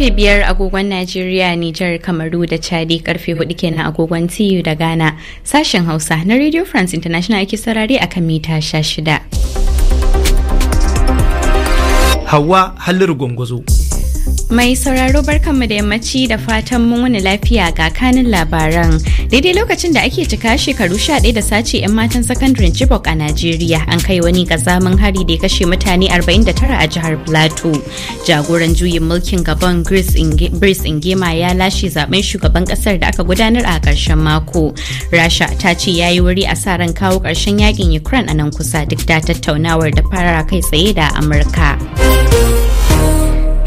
karfe biyar agogon Najeriya, Nijar, Kamaru da Chadi karfe hudu kenan agogon TU da Ghana. Sashen Hausa na Radio France International ake sarari a kan mita sha shida. Hawa Halliru Gwangwazo. Mai sauraro barkanmu da yammaci da fatan mun wani lafiya ga kanin labaran. Daidai lokacin da ake cika shekaru sha ɗaya da sace 'yan matan sakandaren Chibok a Najeriya an kai wani kazamin hari da ya kashe mutane 49 a jihar Plateau. Jagoran juyin mulkin Gabon Brice Ingema ya lashe zaben shugaban kasar da aka gudanar a ƙarshen mako. Rasha ta ce ya yi wuri a sa ran kawo karshen yakin Ukraine a nan kusa duk da tattaunawar da fara kai tsaye da Amurka.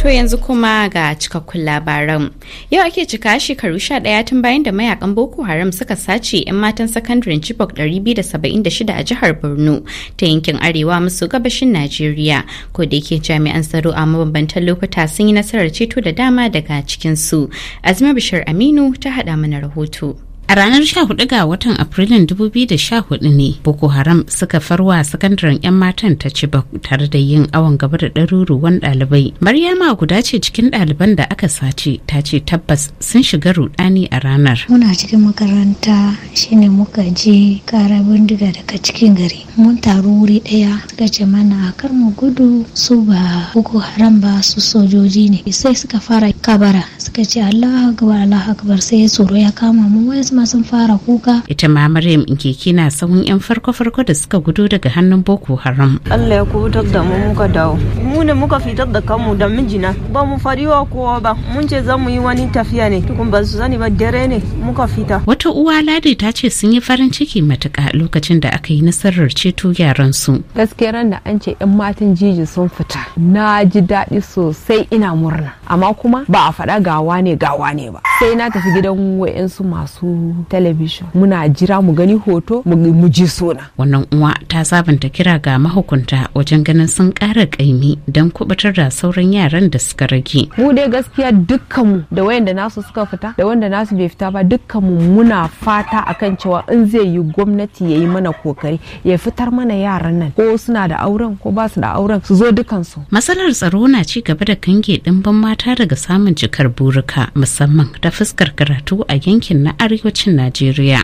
To yanzu kuma ga cikakkun labaran. Yau ake cika shekaru sha ɗaya tun bayan da mayakan Boko Haram suka sace 'yan matan sakandaren Chibok 276 a jihar Borno ta yankin Arewa maso gabashin Najeriya. Ko da yake jami'an tsaro a mabambantan lokuta sun yi nasarar ceto da dama daga cikinsu. Azma Bishir Aminu ta haɗa mana rahoto. A ranar 14 ga watan Afrilun 2014 ne Boko Haram suka farwa sakandaren 'yan matan ta ci tare da yin awon gaba da ɗaruruwan ɗalibai. Maryama guda ce cikin ɗaliban da aka sace ta ce tabbas sun shiga rudani a ranar. Muna cikin makaranta shine muka je kara bindiga daga cikin gari. Mun taru wuri ɗaya suka ce mana kar mu gudu su ba Boko Haram ba su sojoji ne. Sai suka fara kabara suka ce Allah akbar Allah akbar sai tsoro ya kama mu wai asma sun fara kuka ita ma maryam inkeki na sahun yan farko-farko da suka gudu daga hannun boko haram allah ya kubutar da mu muka dawo mu ne muka fitar da kanmu da mijina ba mu fariwa kowa ba mun ce za mu yi wani tafiya ne tukun ba su sani ba dare ne muka fita wata uwa ladi ta ce sun yi farin ciki matuƙa lokacin da aka yi nasarar ceto yaran su gaskiya ran da an ce yan matan jiji sun fita na ji daɗi sosai ina murna amma kuma ba a faɗa gawa ne gawa ne ba sai na tafi gidan wa'yansu masu talabijin muna jira mu gani hoto mu ji suna wannan uwa ta sabunta kira ga mahukunta wajen ganin sun kara kaimi don kubutar da sauran yaran da suka rage mu dai gaskiya dukkanmu da wayanda nasu suka fita da wanda nasu bai fita ba dukkanmu muna fata akan cewa in zai yi gwamnati ya yi mana kokari ya fitar mana yaran nan ko suna da auren ko ba su da auren su zo dukansu matsalar tsaro na ci gaba da kange ɗimbin mata daga samun jikar burika musamman ta fuskar karatu a yankin na arewa arewacin najeriya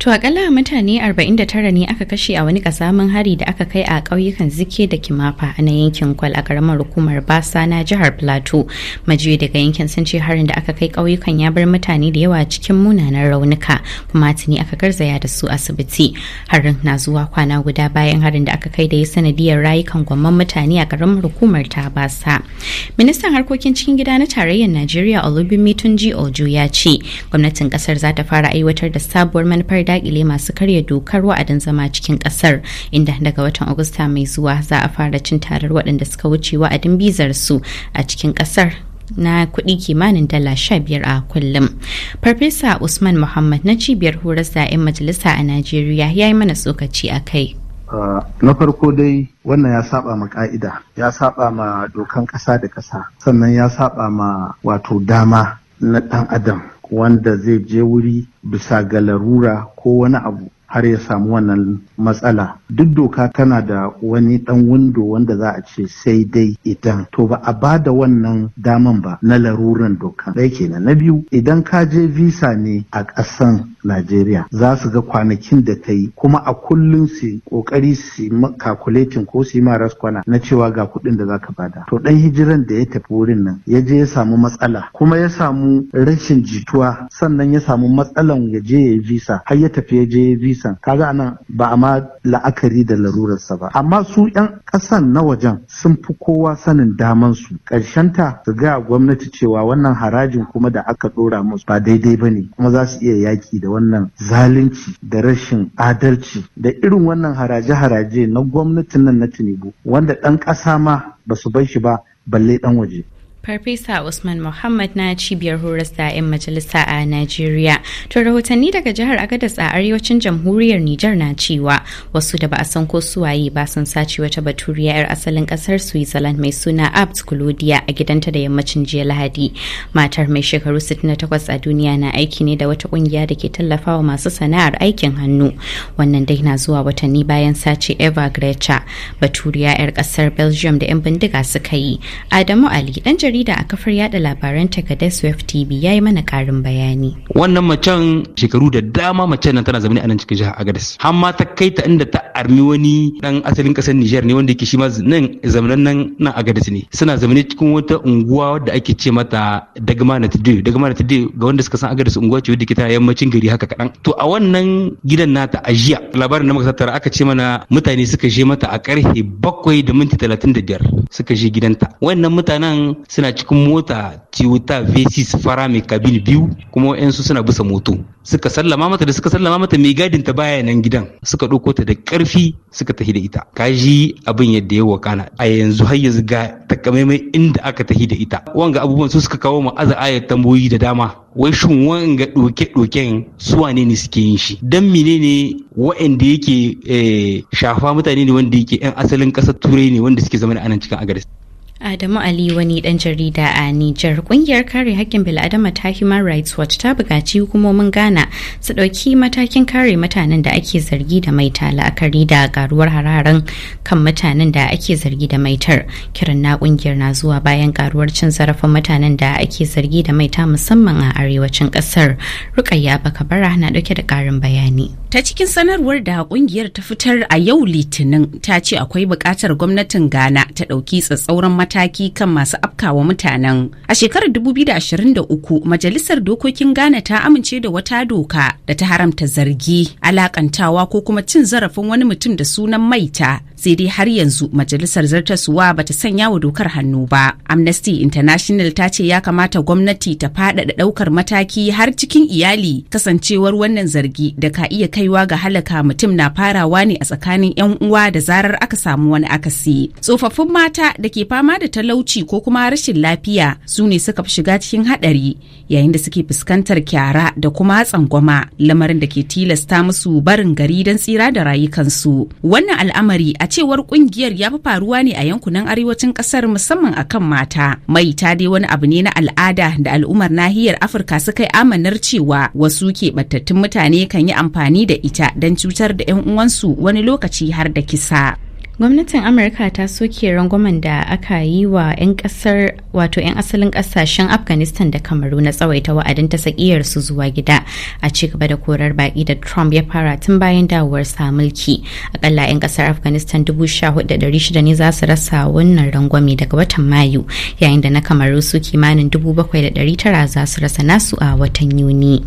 To akalla mutane 49 ne aka kashe a wani kasamin hari da aka kai a ƙauyukan Zike da Kimafa na yankin Kwal a ƙaramar hukumar Basa na jihar Plateau. Majiyoyi daga yankin sun ce harin da aka kai ƙauyukan ya bar mutane da yawa cikin munanan raunuka kuma tuni aka garzaya da su asibiti. Harin na zuwa kwana guda bayan harin da aka kai da ya sanadiyar rayukan gwamman mutane a ƙaramar hukumar ta Basa. Ministan harkokin cikin gida na tarayyar Najeriya Olubimi Tunji Ojo ya ce gwamnatin ƙasar za ta fara aiwatar da sabuwar manufar dakile masu karya dokar wa'adin zama cikin kasar inda daga watan agusta mai zuwa za a fara cin tarar waɗanda suka wuce wa'adin bizar su a cikin kasar na kuɗi kimanin dala sha biyar a kullum. Farfesa Usman Muhammad na cibiyar horas da 'yan majalisa a Najeriya ya yi mana tsokaci a kai. na farko dai wannan ya saba ma ka'ida ya saba ma dokan ƙasa da ƙasa sannan ya saba ma wato dama na ɗan adam wanda zai je wuri bisa ga larura ko wani abu har ya samu wannan matsala duk doka tana da wani dan windo wanda za a ce sai dai idan to ba a ba da wannan daman ba na laruran doka ɗaya kenan na biyu idan ka je visa ne a ƙasan Najeriya za su ga kwanakin da ta yi kuma a kullum su kokari su makakuletin ko su yi maras kwana na cewa ga kuɗin da za ka bada. To ɗan hijiran da ya tafi wurin nan ya je ya samu matsala kuma ya samu rashin jituwa sannan ya samu matsalan ya je ya yi visa har ya tafi ya je ya yi visa kaga anan ba a ma la'akari da larurarsa ba amma su ƴan ƙasan na wajen sun fi kowa sanin damansu ta su ga gwamnati cewa wannan harajin kuma da aka ɗora musu ba daidai ba ne kuma za su iya yaƙi da wannan zalunci da rashin adalci da irin wannan haraje-haraje na gwamnatin nan na Tinubu wanda ɗan ƙasa ma ba su bar shi ba balle ɗan waje. Farfesa Usman Muhammad na cibiyar horas da 'yan majalisa a Najeriya. To rahotanni daga jihar Agadas a arewacin jamhuriyar Nijar na cewa wasu da ba a san ko suwaye ba sun sace wata baturiya 'yar asalin kasar Switzerland mai suna Abt Claudia a gidanta da yammacin jiya Lahadi. Matar mai shekaru 68 a duniya na aiki ne da wata kungiya da ke tallafawa masu sana'ar aikin hannu. Wannan dai na zuwa watanni bayan sace Eva Grecha, baturiya 'yar kasar Belgium da 'yan bindiga suka yi. Adamu Ali dan jarida a kafar yada labaran takardar Swift TV ya yi mana karin bayani. Wannan macen shekaru da dama macen nan tana zamani a nan cikin jihar Agadez. Har ma ta kai ta inda ta armi wani dan asalin kasar Nijar ne wanda yake shi ma nan zamanan nan na Agadez ne. Suna zamani cikin wata unguwa wadda ake ce mata Dagma na Tudu. Dagma na Tudu ga wanda suka san Agadez unguwa ce wadda ke tana yammacin gari haka kaɗan. To a wannan gidan nata a jiya labarin da muka tattara aka ce mana mutane suka je mata a karfe bakwai da minti talatin da biyar suka je gidanta. Wannan mutanen suna suna cikin mota Toyota V6 fara mai kabil biyu kuma wa'yansu suna bisa moto suka sallama mata da suka sallama mata mai gadin ta baya nan gidan suka ɗauko ta da ƙarfi suka tafi da ita kaji abin yadda ya wakana a yanzu har yanzu ga takamaimai inda aka tafi da ita wanga abubuwan su suka kawo mu aza ayar tamboyi da dama wai shin wanga ɗoke-ɗoken su wane ne suke yin shi dan menene wa'anda yake eh, shafa mutane ne wanda yake yan asalin ƙasar turai ne wanda suke zama a nan cikin agaris Adamu Ali wani dan jarida a Nijar kungiyar kare hakkin bil'adama ta Human Rights Watch ta buƙaci hukumomin Ghana su ɗauki matakin kare mutanen da ake zargi da maita la'akari da karuwar hararen kan mutanen da ake zargi da maitar. Kiran na ƙungiyar na zuwa bayan karuwar cin zarafin mutanen da ake zargi da maita musamman a arewacin ƙasar. Rukayya Bakabara na ɗauke da ƙarin bayani. Ta cikin sanarwar da ƙungiyar ta fitar a yau Litinin ta ce akwai buƙatar gwamnatin Ghana ta ɗauki tsatsauran mata. mataki kan masu afkawa mutanen. A shekarar 2023 Majalisar Dokokin Ghana ta amince da wata doka da ta haramta zargi, alakantawa ko kuma cin zarafin wani mutum da sunan maita. Sai dai har yanzu Majalisar Zartaswa ta sanya wa dokar hannu ba. Amnesty International ta ce ya kamata gwamnati ta faɗaɗa ɗaukar mataki har cikin iyali kasancewar wannan zargi da ka iya kaiwa ga halaka mutum na farawa ne a tsakanin 'yan uwa da zarar aka samu wani akasi. Tsofaffin mata da ke fama da da talauci ko kuma rashin lafiya su ne suka fi shiga cikin haɗari yayin da suke fuskantar kyara da kuma tsangwama lamarin da ke tilasta musu barin gari don tsira da rayukansu wannan al'amari a cewar kungiyar ya fi faruwa ne a yankunan arewacin kasar musamman akan mata mai ta dai wani abu ne na al'ada da al'ummar nahiyar afirka suka yi amanar cewa wasu keɓantattun mutane kan yi amfani da ita don cutar da 'yan uwansu wani lokaci har da kisa gwamnatin amurka ta soke rangwamen da aka yi wa 'yan kasar wato 'yan asalin kasashen afghanistan da kamaru na tsawaita wa'adin ta su zuwa gida a ci gaba da korar baki da trump ya fara tun bayan dawowar sa mulki akalla 'yan kasar afghanistan 14,600 ne za su rasa wannan rangwame daga watan mayu yayin da na kamaru su kimanin 7,900 za su rasa nasu a watan yuni.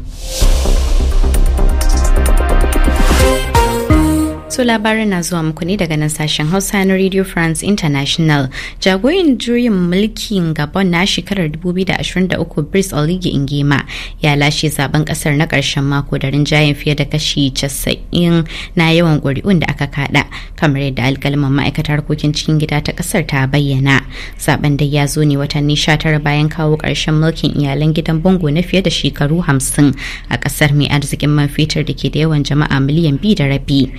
wasu labarin na zuwa muku ne daga nan sashen Hausa na Radio France International. Jagoyin juyin mulkin Gabon na shekarar 2023 Brice Oligi Ingema ya lashe zaben kasar na karshen mako da rinjayen fiye da kashi casa'in na yawan ƙuri'un da aka kada kamar yadda alkalman ma'aikatar harkokin cikin gida ta kasar ta bayyana. Zaben dai ya zo ne watanni 19 bayan kawo karshen mulkin iyalan gidan Bongo na fiye da shekaru hamsin a kasar mai arzikin man fetur da ke da yawan jama'a miliyan biyu da rabi.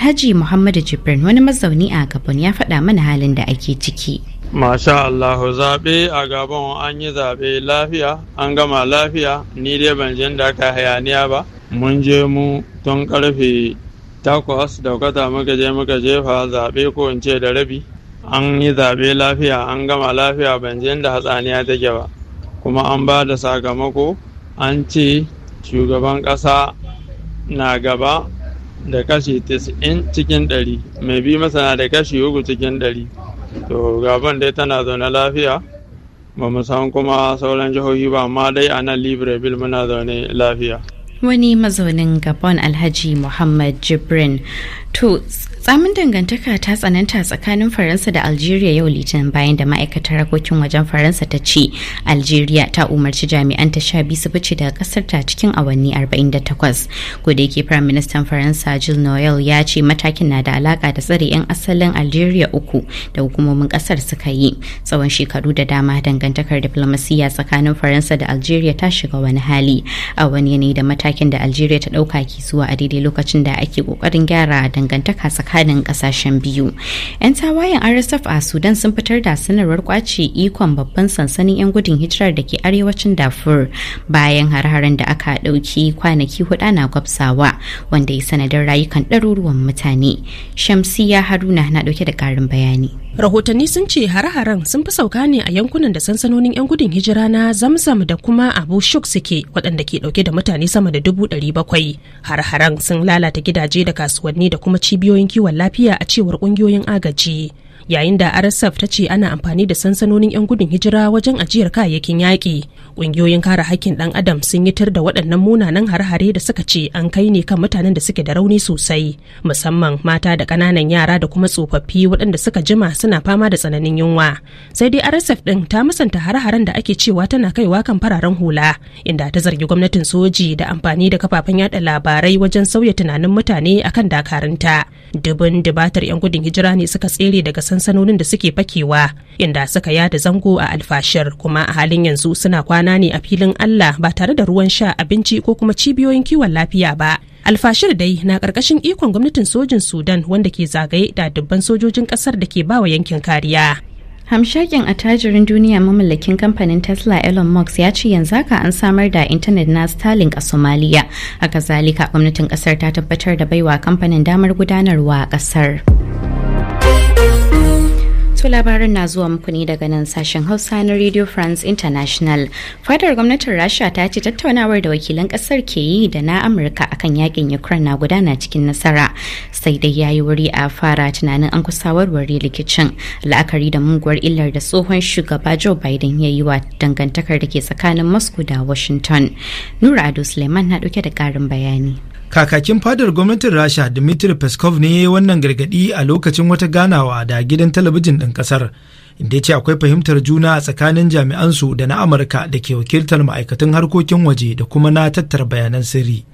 Alhaji Muhammadu Jibrin wani mazauni a Gabon ya faɗa mana halin da ake ciki. Masha Allahu zaɓe a Gabon an yi zaɓe lafiya, an gama lafiya, ni dai ban jin da aka hayaniya ba. Mun je mu tun ƙarfe takwas da kwata muka je muka jefa zaɓe ko in ce da rabi. An yi zaɓe lafiya, an gama lafiya ban jin da hatsaniya take ba. Kuma an ba da sakamako an ce shugaban ƙasa na gaba da kashi 90 cikin 100 mai bi masana da kashi 3 cikin 100 to gaban dai tana zaune lafiya ba mu san kuma sauran jihohi ba amma dai a nan libreville muna zaune lafiya wani mazaunin gabon alhaji muhammad jibrin to tsamin dangantaka ta tsananta tsakanin faransa da algeria yau litinin bayan da ma'aikatar harkokin wajen faransa ta ce algeria ta umarci jami'an ta sha biyu su fice daga kasar ta cikin awanni 48 da yake prime minister faransa jill noel ya ce matakin na da alaka da tsare 'yan asalin algeria uku da hukumomin kasar suka yi tsawon shekaru da dama dangantakar diplomasiya tsakanin faransa da algeria ta shiga wani hali a wani yanayi da matakin da algeria ta dauka ke zuwa a daidai lokacin da ake kokarin gyara dangantaka tsakanin tsakanin kasashen biyu. 'Yan tawayen RSF a Sudan sun fitar da sanarwar kwace ikon babban sansanin 'yan gudun hijirar da ke arewacin Darfur bayan har-haren da aka ɗauki kwanaki hudu na gwabsawa wanda ya sanadin rayukan ɗaruruwan mutane. Shamsiya Haruna na ɗauke da ƙarin bayani. rahotanni sun ce hare-haren sun fi sauka ne a yankunan da sansanonin 'yan gudun hijira na zamzam da kuma abu shuk suke waɗanda ke ɗauke da mutane sama da dubu ɗari bakwai hare-haren sun lalata gidaje da kasuwanni da kuma cibiyoyin kiwon lafiya a cewar ƙungiyoyin agaji yayin da rsf ta ce ana amfani da sansanonin 'yan gudun hijira wajen ajiyar kayayyakin yaƙi ƙungiyoyin kare hakkin ɗan adam sun yi tar da waɗannan munanan hare-hare da suka ce an kai ne kan mutanen da suke da rauni sosai musamman mata da ƙananan yara da kuma tsofaffi waɗanda suka jima suna fama da tsananin yunwa sai dai rsf ɗin ta musanta hare-haren da ake cewa tana kaiwa kan fararen hula inda ta zargi gwamnatin soji da amfani da kafafen yada labarai wajen sauya tunanin mutane akan dakarunta dubun dubatar 'yan gudun hijira ne suka tsere daga sansanonin da suke fakewa inda suka yada zango a alfashir kuma a halin yanzu suna kwana ne a filin Allah ba tare da ruwan sha abinci ko kuma cibiyoyin kiwon lafiya ba. Alfashir dai na ƙarƙashin ikon gwamnatin sojin Sudan wanda ke zagaye da dubban sojojin ƙasar da ke bawa yankin kariya. Hamshakin attajirin duniya mamallakin kamfanin Tesla Elon Musk ya ce yanzu haka an samar da intanet na Starlink a Somalia. A kazalika gwamnatin kasar ta tabbatar da baiwa kamfanin damar gudanarwa a kasar. To labarin na zuwa muku daga nan sashen Hausa na Radio France International. Fadar gwamnatin Rasha ta ce tattaunawar da wakilan kasar ke yi da na Amurka akan yakin Ukraine na gudana cikin nasara. Sai dai ya yi wuri a fara tunanin an kusa warware rikicin la'akari da munguwar illar da tsohon shugaba Joe Biden ya yi wa dangantakar da ke tsakanin Moscow da Washington. Nura Ado Suleiman na dauke da karin bayani. kakakin fadar gwamnatin rasha dmitry peskov ne ya yi wannan gargadi a lokacin wata ganawa da gidan talabijin ɗin ƙasar inda ya ce akwai fahimtar juna a tsakanin jami'ansu da na amurka da ke wakiltar ma'aikatan harkokin waje da kuma na tattara bayanan sirri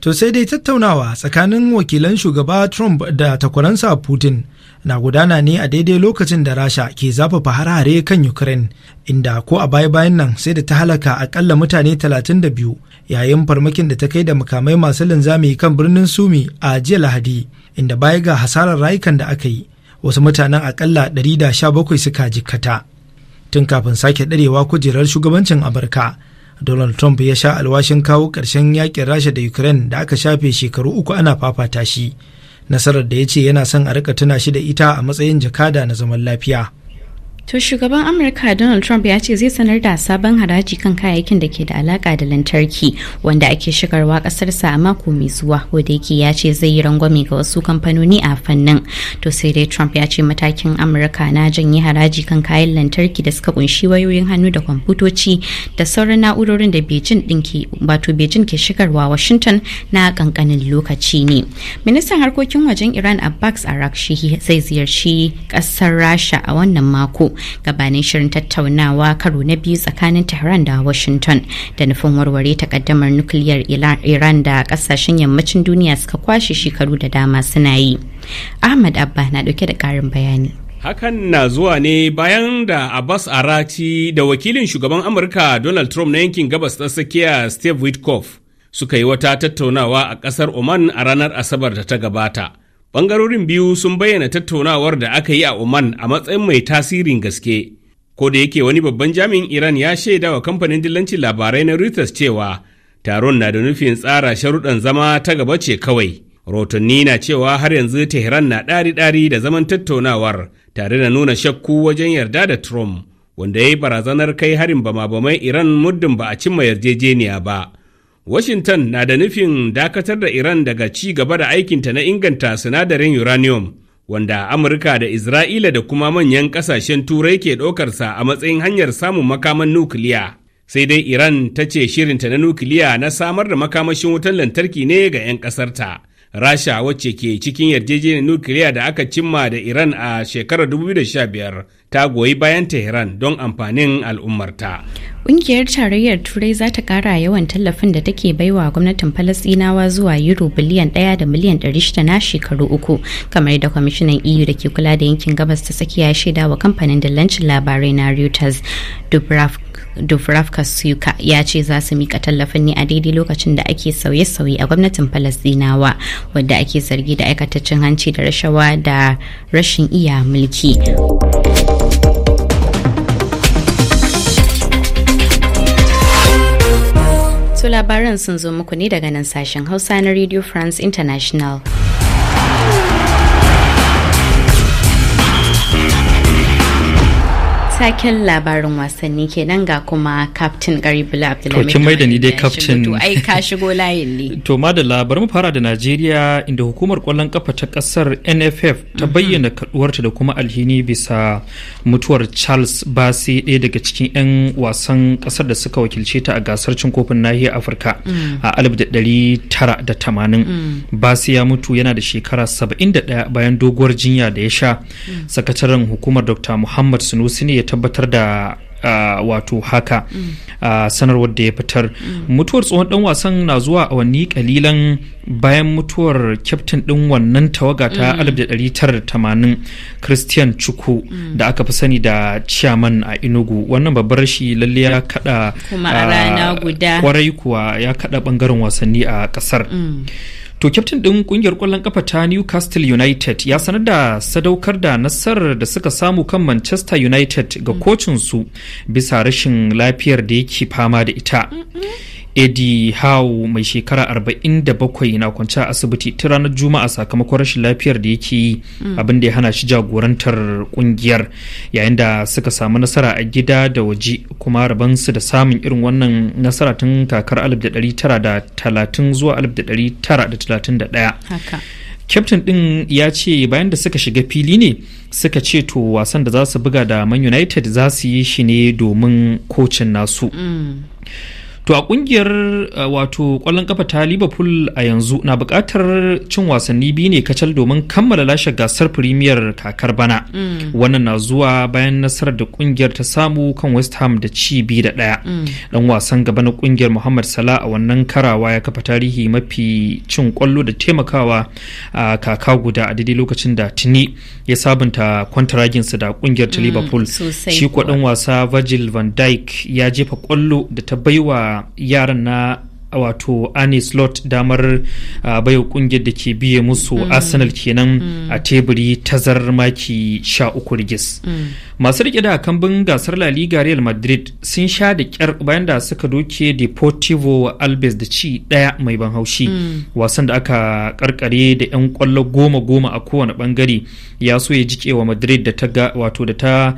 to sai dai tattaunawa tsakanin wakilan shugaba trump da takwaransa putin na gudana ne a daidai lokacin da rasha ke zafafa har-hare kan ukraine inda ko a baya-bayan nan sai da ta halaka akalla mutane 32 yayin farmakin da ta kai da makamai masu linzami kan birnin sumi a jiya lahadi inda baya ga hasarar rayukan da aka yi wasu mutanen akalla 117 suka jikkata tun kafin sake ɗarewa kujerar shugabancin amurka donald trump ya sha alwashin kawo ƙarshen yakin rasha da ukraine da aka shafe shekaru uku ana fafata shi nasarar da ya ce yana son a rika tuna shi da ita a matsayin jakada na zaman lafiya To shugaban Amurka Donald Trump ya ce zai sanar da sabon haraji kan kayayyakin da ke da alaka da lantarki wanda ake shigarwa kasarsa a mako mai zuwa da yake ya ce zai yi rangwame ga wasu kamfanoni a fannin. To sai dai Trump ya ce matakin Amurka na janye haraji kan kayan lantarki da suka kunshi wayoyin hannu da kwamfutoci da sauran na'urorin da Beijing din ke wato Beijing ke shigarwa Washington na kankanin lokaci ne. Ministan harkokin wajen Iran Abbas Arakshi zai ziyarci kasar Rasha a wannan mako. gabanin shirin tattaunawa karo na biyu tsakanin Tehran da Washington da nufin warware takaddamar nukiliyar Iran da kasashen yammacin duniya suka kwashe shekaru da dama suna yi. Ahmad Abba na dauke da karin bayani. Hakan na zuwa ne bayan da Abbas Arati da wakilin shugaban Amurka Donald Trump na yankin gabas ta tsakiya Steve Witkoff suka yi wata tattaunawa a kasar Oman a ranar Asabar da ta gabata. bangarorin biyu sun bayyana tattaunawar da aka yi a Oman a matsayin mai tasirin gaske. Ko da yake wani babban jami'in Iran ya shaida wa kamfanin dillancin labarai na Reuters cewa taron na da nufin tsara sharuɗan zama ta gaba ce kawai. Rotonni na cewa har yanzu Tehran na ɗari-ɗari da zaman tattaunawar tare da nuna shakku wajen yarda da Trump, wanda ya yi barazanar kai harin bama-bamai Iran muddin ba a cimma yarjejeniya ba. Washington na da nufin dakatar da Iran daga ci gaba da aikinta na inganta sinadarin uranium, wanda Amurka da Isra'ila da kuma manyan ƙasashen Turai ke ɗaukarsa a matsayin hanyar samun makaman nukiliya. Sai dai Iran ta ce shirinta na nukiliya na samar da makamashin wutan lantarki ne ga 'yan ƙasarta. Rasha wacce ke cikin yarjejeniyar nukiliya da aka cimma da Iran a shekarar 2015 ta goyi bayan Tehran don amfanin al'ummarta. Ƙungiyar Tarayyar Turai za ta ƙara yawan tallafin da take baiwa gwamnatin Falasɗinawa zuwa Euro biliyan ɗaya da miliyan ɗari shida na shekaru uku, kamar da kwamishinan EU da ke kula da yankin gabas ta tsakiya shaida wa kamfanin dillancin labarai na Reuters, Dubravka Dufrafka Suka ya ce za su mika tallafin ne a daidai lokacin da ake sauye-sauye a gwamnatin Falasdinawa wadda ake zargi da aikata hanci da rashawa da rashin iya mulki. tula labaran sun zo muku ne daga nan sashen Hausa na Radio France International. Taken labarin wasanni kenan ga kuma Captain bula Abdullahi. To kin maida ni dai Captain. To ai ka shigo ne. To madalla mu fara da Najeriya inda hukumar kwallon kafa ta kasar NFF ta mhm. bayyana kaduwarta da kuma alhini bisa mutuwar Charles Basi ɗaya daga cikin 'yan wasan kasar da suka wakilce ta a gasar cin kofin nahiyar Afirka mm. a da 1980. Mm. Basi ya mutu yana da shekara saba'in da 71 bayan doguwar jinya da ya sha. Mm. Sakataren hukumar Dr. Muhammad Sunusi ne ya tabbatar da wato haka mm. uh, sanarwar da ya fitar mutuwar tsohon dan wasan na zuwa awanni kalilan bayan mutuwar kyaftin din wannan tawaga ta mm. 1980 christian chuku mm. da aka fi sani da chairman a inugu wannan babbar shi lalle ya kada kwarai kuwa ya kada bangaren wasanni a kasar mm. To kyaftin ɗin ƙungiyar ƙwallon ƙafa ta Newcastle United ya sanar da sadaukar da nasarar da suka samu kan Manchester United ga kocinsu bisa rashin lafiyar da yake fama da ita. Eddie Howe mai shekara 47 na kwanci a asibiti ta ranar Juma'a sakamakon rashin lafiyar da yake yi mm. abin da ya hana shi jagorantar kungiyar yayin da suka samu nasara a gida da waje kuma su da samun irin wannan nasara tun kakar 1930 zuwa 1931. kyaftin ɗin ya ce bayan da suka shiga fili ne suka ce to wasan da za su buga da man united za su yi shi ne domin kocin nasu. Mm. To a kungiyar wato kwallon kafa ta Liverpool a yanzu na bukatar cin wasanni biyu ne kacal domin kammala lashe gasar Premier kakar bana. Mm. Wannan na zuwa bayan nasarar da kungiyar ta samu kan West Ham da ci biyu da ɗaya. Dan mm. wasan gaba na kungiyar Muhammad Salah a wannan karawa ya kafa tarihi mafi cin kwallo da taimakawa a kaka guda a daidai lokacin da tuni ya sabunta kwantaraginsa da kungiyar ta mm, Liverpool. Shi kwadon wasa Virgil van Dijk ya jefa kwallo da ta baiwa i ara anar wato Annie Slot damar baiwa kungiyar da ke biye musu mm. Arsenal kenan mm. a teburi tazar maki sha uku rigis. Mm. Masu rike da kambin gasar La Liga Real Madrid sun sha da kyar bayan da suka doke Deportivo Alves da ci daya mai ban haushi. Wasan da aka karkare da 'yan kwallo goma goma a kowane bangare ya so ya jike wa Madrid da ta wato da ta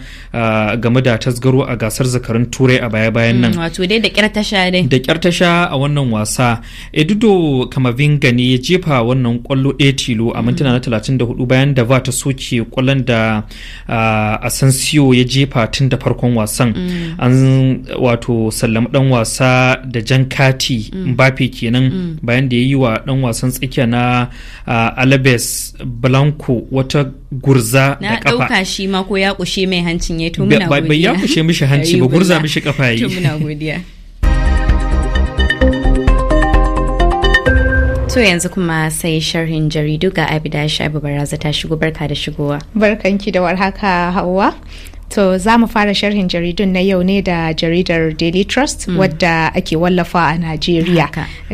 game da tasgaro a gasar zakarun turai a baya bayan nan. Wato dai da kyar ta sha dai. Da kyar ta sha a wannan wannan wasa edudo kamavinga ne ya jefa wannan kwallo ɗaya tilo a mintuna na 34 bayan da va ta soke kwallon da ah, asensio ya jefa tun da farkon wasan mm. an wato sallama dan wasa da jan kati mm. mbappe kenan mm. bayan da ya yi wa dan wasan tsakiya na ah, alabes blanco wata gurza da kafa na shi ma ko ya kushe mai hancin ya to muna godiya bai ya kushe mishi hanci ba gurza mishi kafa yi to muna godiya To yanzu kuma sai sharhin jaridu ga Abida Shaibu Baraza ta shigo barka da shigowa. Barkanki da warhaka Hauwa. To za mu fara sharhin jaridun na yau ne da jaridar Daily Trust mm. wadda ake wallafa a Najeriya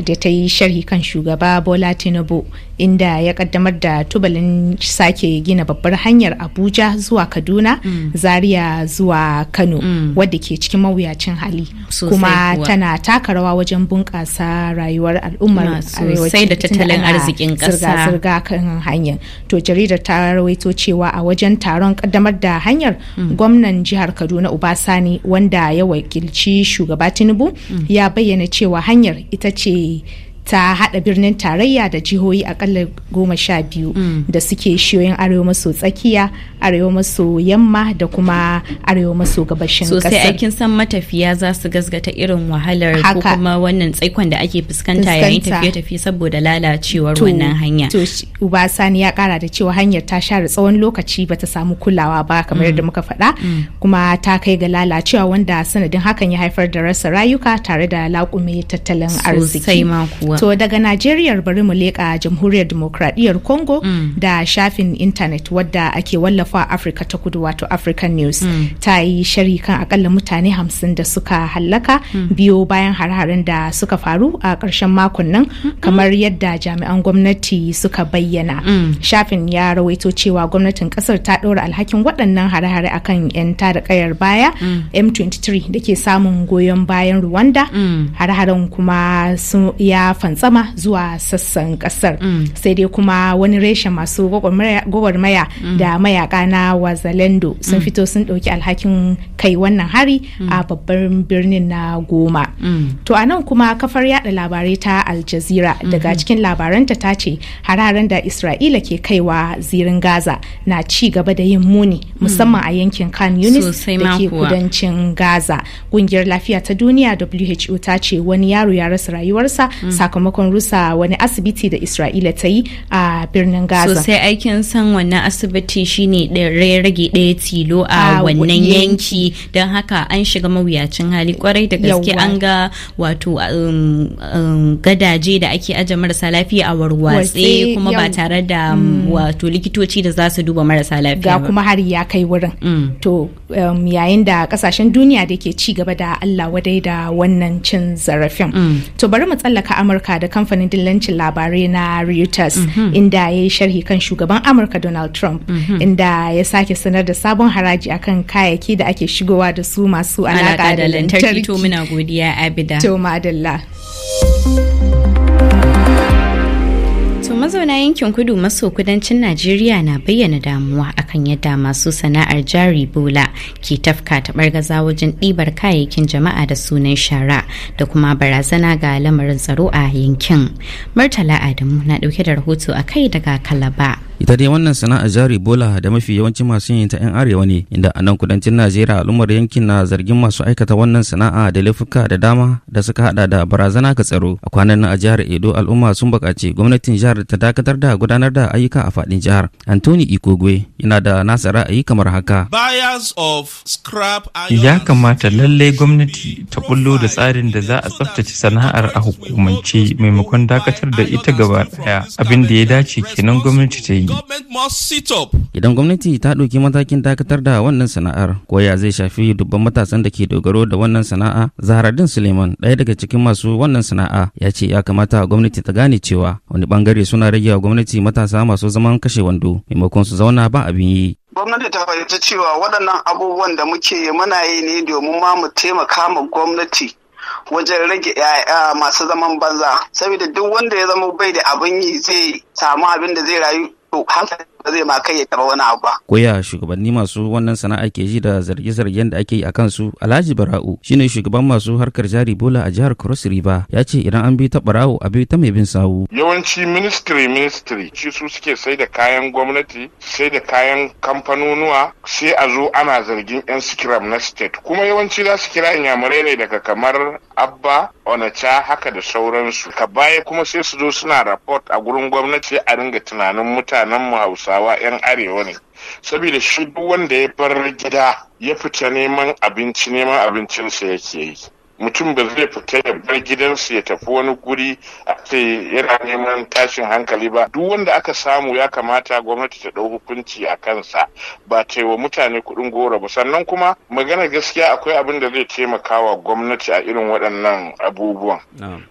da ta yi sharhi kan shugaba Bola Tinubu inda ya kaddamar da tubalin sake gina babbar hanyar abuja zuwa kaduna mm. zaria zuwa kano mm. wadda ke cikin mawuyacin hali so kuma tana taka rawa wajen bunƙasa rayuwar al'ummar arewacin da tattalin arzikin ƙasa zirga kan hanyar to jaridar ta rawaito cewa a wajen taron kaddamar da hanyar mm. gwamnan jihar kaduna ubasani wanda ya wakilci shugaba tinubu mm. ya bayyana cewa hanyar ita ce ta hada birnin tarayya da jihohi akalla goma sha biyu mm. da suke shiyoyin arewa maso tsakiya arewa maso yamma da kuma arewa maso gabashin kasar sosai aikin san matafiya za su gasgata irin wahalar ko kuma wannan tsaikon da ake fuskanta yayin tafiye-tafiye saboda lalacewar wannan hanya to uba sani ya kara da cewa hanyar ta share tsawon lokaci ba ta samu kulawa ba kamar yadda mm. muka faɗa mm. kuma ta kai ga lalacewa wanda sanadin hakan ya haifar da rasa rayuka tare da laƙume tattalin arziki sosai ma to daga Najeriya bari mu leƙa jamhuriyar demokradiyyar Congo mm. da shafin intanet wadda ake wallafa afirka ta kudu wato African News mm. ta yi shari kan akalla mutane hamsin da suka hallaka mm. biyo bayan har-haren da suka faru a ƙarshen makon nan mm. kamar yadda jami'an gwamnati suka bayyana mm. shafin ya rawaito cewa gwamnatin ƙasar ta ɗora alhakin waɗannan har hare akan 'yan tada ƙayar baya M23 mm. da ke samun goyon bayan Rwanda har-haren kuma ya faru. fantsama zuwa sassan kasar mm. sai dai kuma wani reshen masu gwagwarmaya mm. da mayaka na wazalendo sun mm. fito sun ɗauki alhakin kai wannan hari a babban birnin na goma to a nan kuma kafar yada labarai ta al jazeera mm-hmm. daga cikin labaranta ta ce hararen da isra'ila ke kaiwa zirin gaza na ci gaba da yin muni musamman a yankin kan yunis da ke kudancin gaza ƙungiyar lafiya ta duniya who ta ce wani yaro ya rasa rayuwarsa sakamakon rusa wani asibiti da isra'ila ta yi a birnin gaza sai aikin san wannan asibiti shine rage ɗaya tilo a wannan yanki don haka an shiga mawuyacin hali kwarai da gaske an ga wato um, um, gadaje da ake aje marasa lafiya a warwatse kuma ba tare da um, mm. wato likitoci da za su duba marasa lafiya ga kuma har ya kai wurin mm. to yayin da kasashen duniya da ke ci gaba da allah wadai da wannan cin zarafin mm. to bari mu tsallaka amurka amurka da kamfanin dillancin labarai na reuters mm -hmm. inda ya yi sharhi kan shugaban amurka donald trump mm -hmm. inda ya sake sanar da sabon haraji akan kayayyaki da ake shigowa da su masu alaƙa da lantarki to muna godiya abida to madalla mazauna yankin kudu maso kudancin najeriya na bayyana damuwa akan yadda masu sana'ar jari bola ke tafka ta bargaza wajen ɗibar kayayyakin jama'a da sunan shara da kuma barazana ga lamarin tsaro a yankin murtala adamu na ɗauke da rahoto a kai daga kalaba ita dai wannan sana'a jari bola da mafi yawancin masu yin ta 'yan arewa ne inda a nan kudancin najeriya al'ummar yankin na zargin masu aikata wannan sana'a da laifuka da dama da suka hada da barazana ga tsaro a kwanan nan a jihar edo al'umma sun bukaci gwamnatin jihar ta dakatar da gudanar da ayyuka a fadin jihar antoni ikogwe yana da nasa ra'ayi kamar haka ya kamata lallai gwamnati ta bullo da tsarin da za a tsaftace sana'ar a hukumance maimakon dakatar da ita gaba daya abin da ya dace kenan gwamnati ta yi Idan gwamnati ta ɗauki matakin dakatar da wannan sana'ar, ko ya zai shafi dubban matasan da ke dogaro da wannan sana'a, Zaharaddin Suleiman, ɗaya daga cikin masu wannan sana'a, ya ce ya kamata gwamnati ta gane cewa wani bangare suna rage wa gwamnati matasa masu zaman kashe wando, maimakon su zauna ba abin yi. gwamnati ta fahimci cewa waɗannan abubuwan da muke muna yi ne domin ma mu taimaka ma gwamnati wajen rage yaya masu zaman banza saboda duk wanda ya zama bai da abin yi zai samu abin da zai rayu to hankali ba zai ma kai ya taba wani abu ba. Koya shugabanni masu wannan sana'a ke ji da zarge-zargen da ake yi a kansu Alhaji Bara'u shine shugaban masu harkar jari bola a jihar Cross River ya ce idan an bi ta Bara'u a bi ta mai bin sawu. Yawanci ministry ministry shi su suke sai da kayan gwamnati sai da kayan kamfanonuwa sai a zo ana zargin 'yan sikiram na state kuma yawanci za su kira inyamurai ne daga kamar Abba onacha haka da sauransu ka baya kuma sai su zo suna rapport a gurin gwamnati a dinga tunanin mutanen mu hausawa 'yan arewa ne saboda shi duk wanda ya bar gida ya fita neman abinci neman abincinsa yake yi mutum ba zai fita ya bar gidansu ya tafi wani guri a ce yana neman tashin hankali ba duk wanda aka samu ya kamata gwamnati ta ɗau hukunci a kansa ba ta wa mutane kuɗin goro ba sannan kuma magana gaskiya akwai abin da zai taimaka wa gwamnati a irin waɗannan abubuwan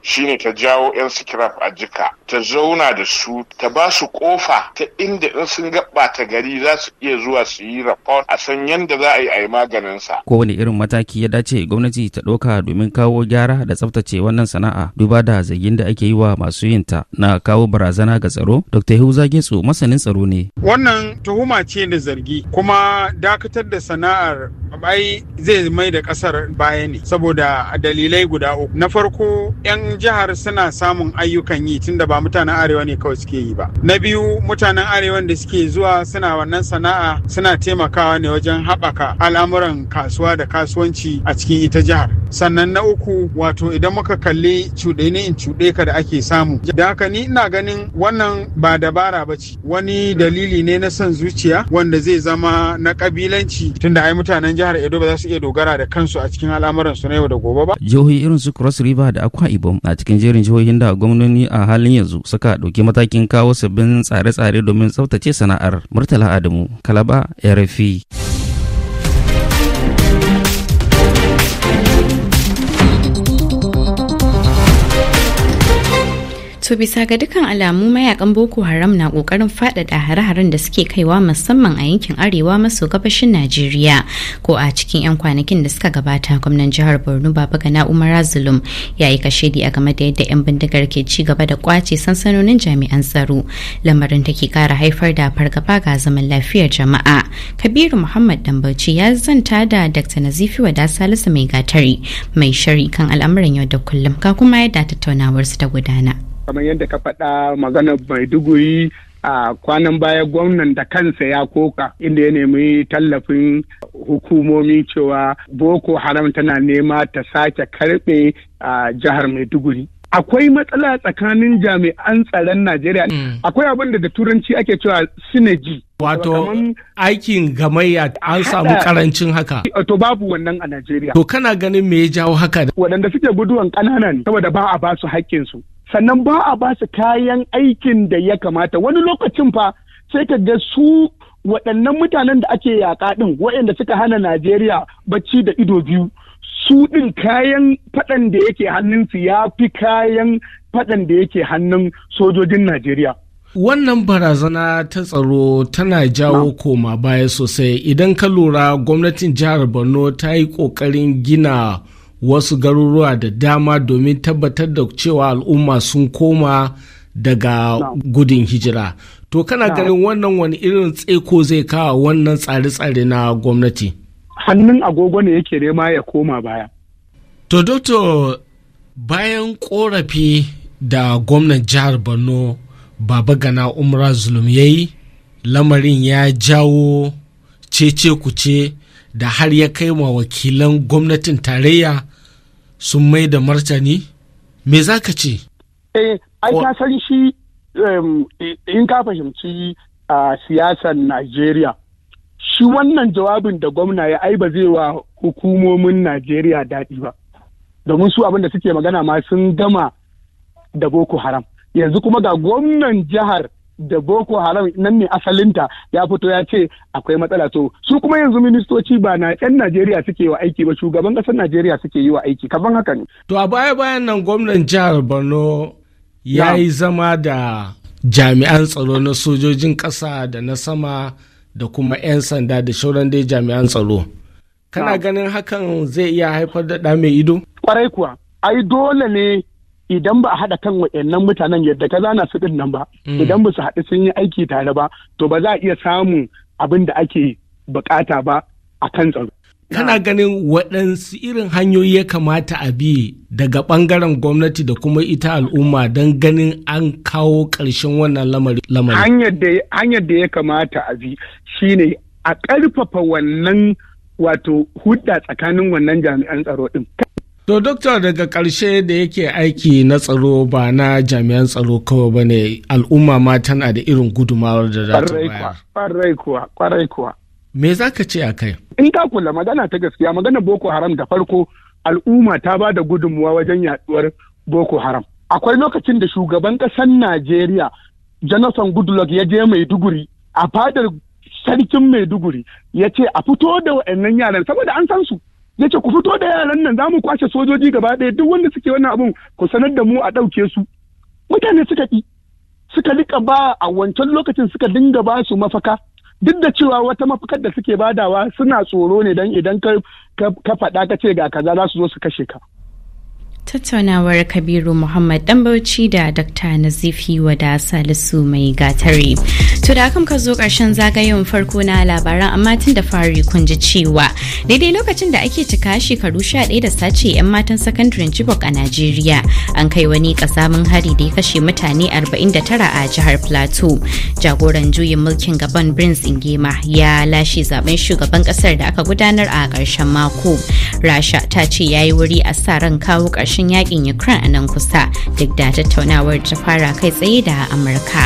shine ta jawo 'yan sikiraf a jika ta zauna da su ta ba su kofa ta inda in sun gaba ta gari za su iya zuwa su yi rapport a san yadda za a yi a yi maganinsa kowane irin mataki ya dace gwamnati ta ɗauka domin domin kawo gyara da tsaftace wannan sana'a duba da zargin da ake yi wa masu yin ta na kawo barazana ga tsaro dr hauza getsu masanin tsaro ne wannan tuhuma ce da zargi kuma dakatar da sana'ar bai zai mai da kasar baya ne saboda dalilai guda uku na farko 'yan jihar suna samun ayyukan yi tunda ba mutanen arewa ne kawai suke yi ba na biyu mutanen arewa da suke zuwa suna wannan sana'a suna taimakawa ne wajen haɓaka al'amuran kasuwa da kasuwanci a cikin ita jihar sannan sannan na uku wato idan muka kalli cuɗe ne in cuɗe ka da ake samu da haka ni ina ganin wannan ba dabara ba ce wani dalili ne na son zuciya wanda zai zama na kabilanci tunda ai mutanen jihar edo ba za su iya dogara da kansu a cikin al'amuran su na yau da gobe ba jihohi irin su cross river da akwa ibom a cikin jerin jihohin da gwamnoni a halin yanzu suka ɗauki matakin kawo sabbin tsare-tsare domin tsaftace sana'ar murtala adamu kalaba rfi To bisa ga dukkan alamu mayakan Boko Haram na kokarin faɗaɗa hare-haren da suke kaiwa musamman a yankin arewa maso gabashin Najeriya ko a cikin 'yan kwanakin da suka gabata gwamnan jihar Borno Baba Gana Umar Zulum ya yi kashedi a game da yadda 'yan bindigar ke ci gaba da kwace sansanonin jami'an tsaro lamarin da ke kara haifar da fargaba ga zaman lafiyar jama'a. Kabiru Muhammad Dambauci ya zanta da Dr. Nazifi Wada Salisu mai gatari mai shari kan al'amuran yau da kullum ka kuma yadda tattaunawarsu ta gudana. kamar yadda ka faɗa maganar maiduguri a kwanan baya gwamnan da kansa ya koka inda ya nemi tallafin hukumomi cewa boko haram tana nema ta sake karɓe a jihar maiduguri akwai matsala tsakanin jami'an tsaron najeriya hmm. akwai abin da turanci ake cewa sinaji wato aikin gamayya an samu karancin haka to babu wannan a najeriya to kana ganin me ya jawo haka waɗanda suke guduwan ƙanana ne saboda ba a ba su haƙƙinsu sannan ba a ba su kayan aikin da ya kamata wani lokacin fa sai ka ga su waɗannan mutanen da ake yaƙa ɗin waɗanda suka hana Najeriya bacci da ido biyu su ɗin kayan faɗan da yake hannunsu ya fi kayan faɗan da yake hannun sojojin Najeriya. Wannan barazana ta tsaro tana jawo koma baya sosai idan ka lura gwamnatin jihar Borno ta yi ƙoƙarin gina wasu garuruwa da dama domin tabbatar da cewa al'umma sun koma daga gudun hijira to kana ganin wannan wani irin tseko zai kawo wannan tsare-tsare na gwamnati hannun agogo ne yake nema ya koma baya to doto bayan korafi da gwamnan jihar borno baba gana umra zulum ya yi lamarin ya jawo cece kuce da har ya kai wa wakilan gwamnatin tarayya sun mai da martani me za ka ce eh ai ka san shi in ka fahimci a siyasar Najeriya shi wannan jawabin da gwamna ya ai ba zai wa hukumomin Najeriya daɗi ba domin su abin da suke magana ma sun gama da Boko Haram yanzu kuma ga gwamnan jihar da boko haram nan ne asalinta ya fito ya ce akwai matsala to su kuma yanzu ministoci ba na yan najeriya suke wa aiki ba shugaban ƙasar najeriya suke yi wa aiki kaban haka ne to a baya bayan nan gwamnan jihar borno ya yi zama da jami'an tsaro na sojojin ƙasa da na sama da kuma 'yan sanda da shauran dai jami'an tsaro kana ganin hakan zai iya haifar da ɗa mai ido kwarai kuwa ai dole ne idan ba a haɗa kan wa'annan mutanen yadda ka zana su ɗin nan ba hmm. idan ba su haɗu sun yi aiki tare ba to ba za a iya samun abin da ake bukata ba a kan tsaro. kana ganin waɗansu irin hanyoyi ya kamata a bi daga ɓangaren gwamnati da kuma ita al'umma don ganin an kawo ƙarshen wannan lamari. hanyar da ya kamata a bi shine a ƙarfafa wannan wato hudda tsakanin wannan jami'an tsaro ɗin To doktor daga ƙarshe da yake aiki na tsaro ba na jami'an tsaro kawai ba ne al'umma ma tana da irin gudumawar da za ta bayar. Kwarai kuwa, kwarai kuwa. Me za ka ce a kai? In ka kula magana ta gaskiya magana Boko Haram da farko al'umma ta ba da gudunmuwa wajen yaduwar Boko Haram. Akwai lokacin da shugaban ƙasar Najeriya Jonathan Goodluck ya je Maiduguri a fadar sarkin Maiduguri ya ce a fito da waɗannan yaran saboda an san su. ya ce ku fito da yaran nan za mu kwashe sojoji gaba ɗaya duk wanda suke wannan abun ku sanar da mu a ɗauke su mutane suka ƙi suka rika ba a wancan lokacin suka dinga ba su mafaka duk da cewa wata mafakar da suke badawa suna tsoro ne dan idan ka faɗa ka ce ga kaza za su zo su kashe ka tattaunawar kabiru muhammad dan bauchi da dr nazifi wada salisu mai gatari to da kan ka zo karshen zagayen farko na labaran amma tun da fari kun ji cewa daidai lokacin da ake cika shekaru sha ɗaya da sace yan matan sakandaren chibok a najeriya an kai wani kasamin hari da ya kashe mutane 49 a jihar plateau jagoran juyin mulkin gaban prince ingema ya lashe zaben shugaban ƙasar da aka gudanar a ƙarshen mako rasha ta ce ya yi wuri a sa ran kawo karshen ƙarshen yakin Ukraine a nan kusa duk da tattaunawar ta fara kai tsaye da Amurka.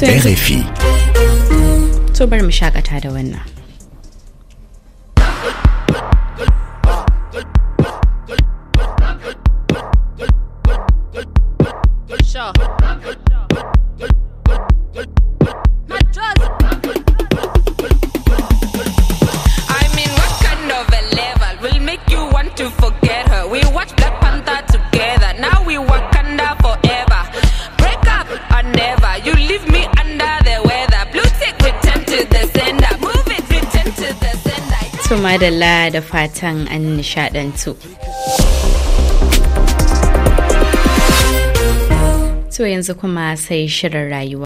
RFI. To bari mu shakata da wannan. madalla da fatan an nishadantu. To yanzu kuma sai shirin rayuwa.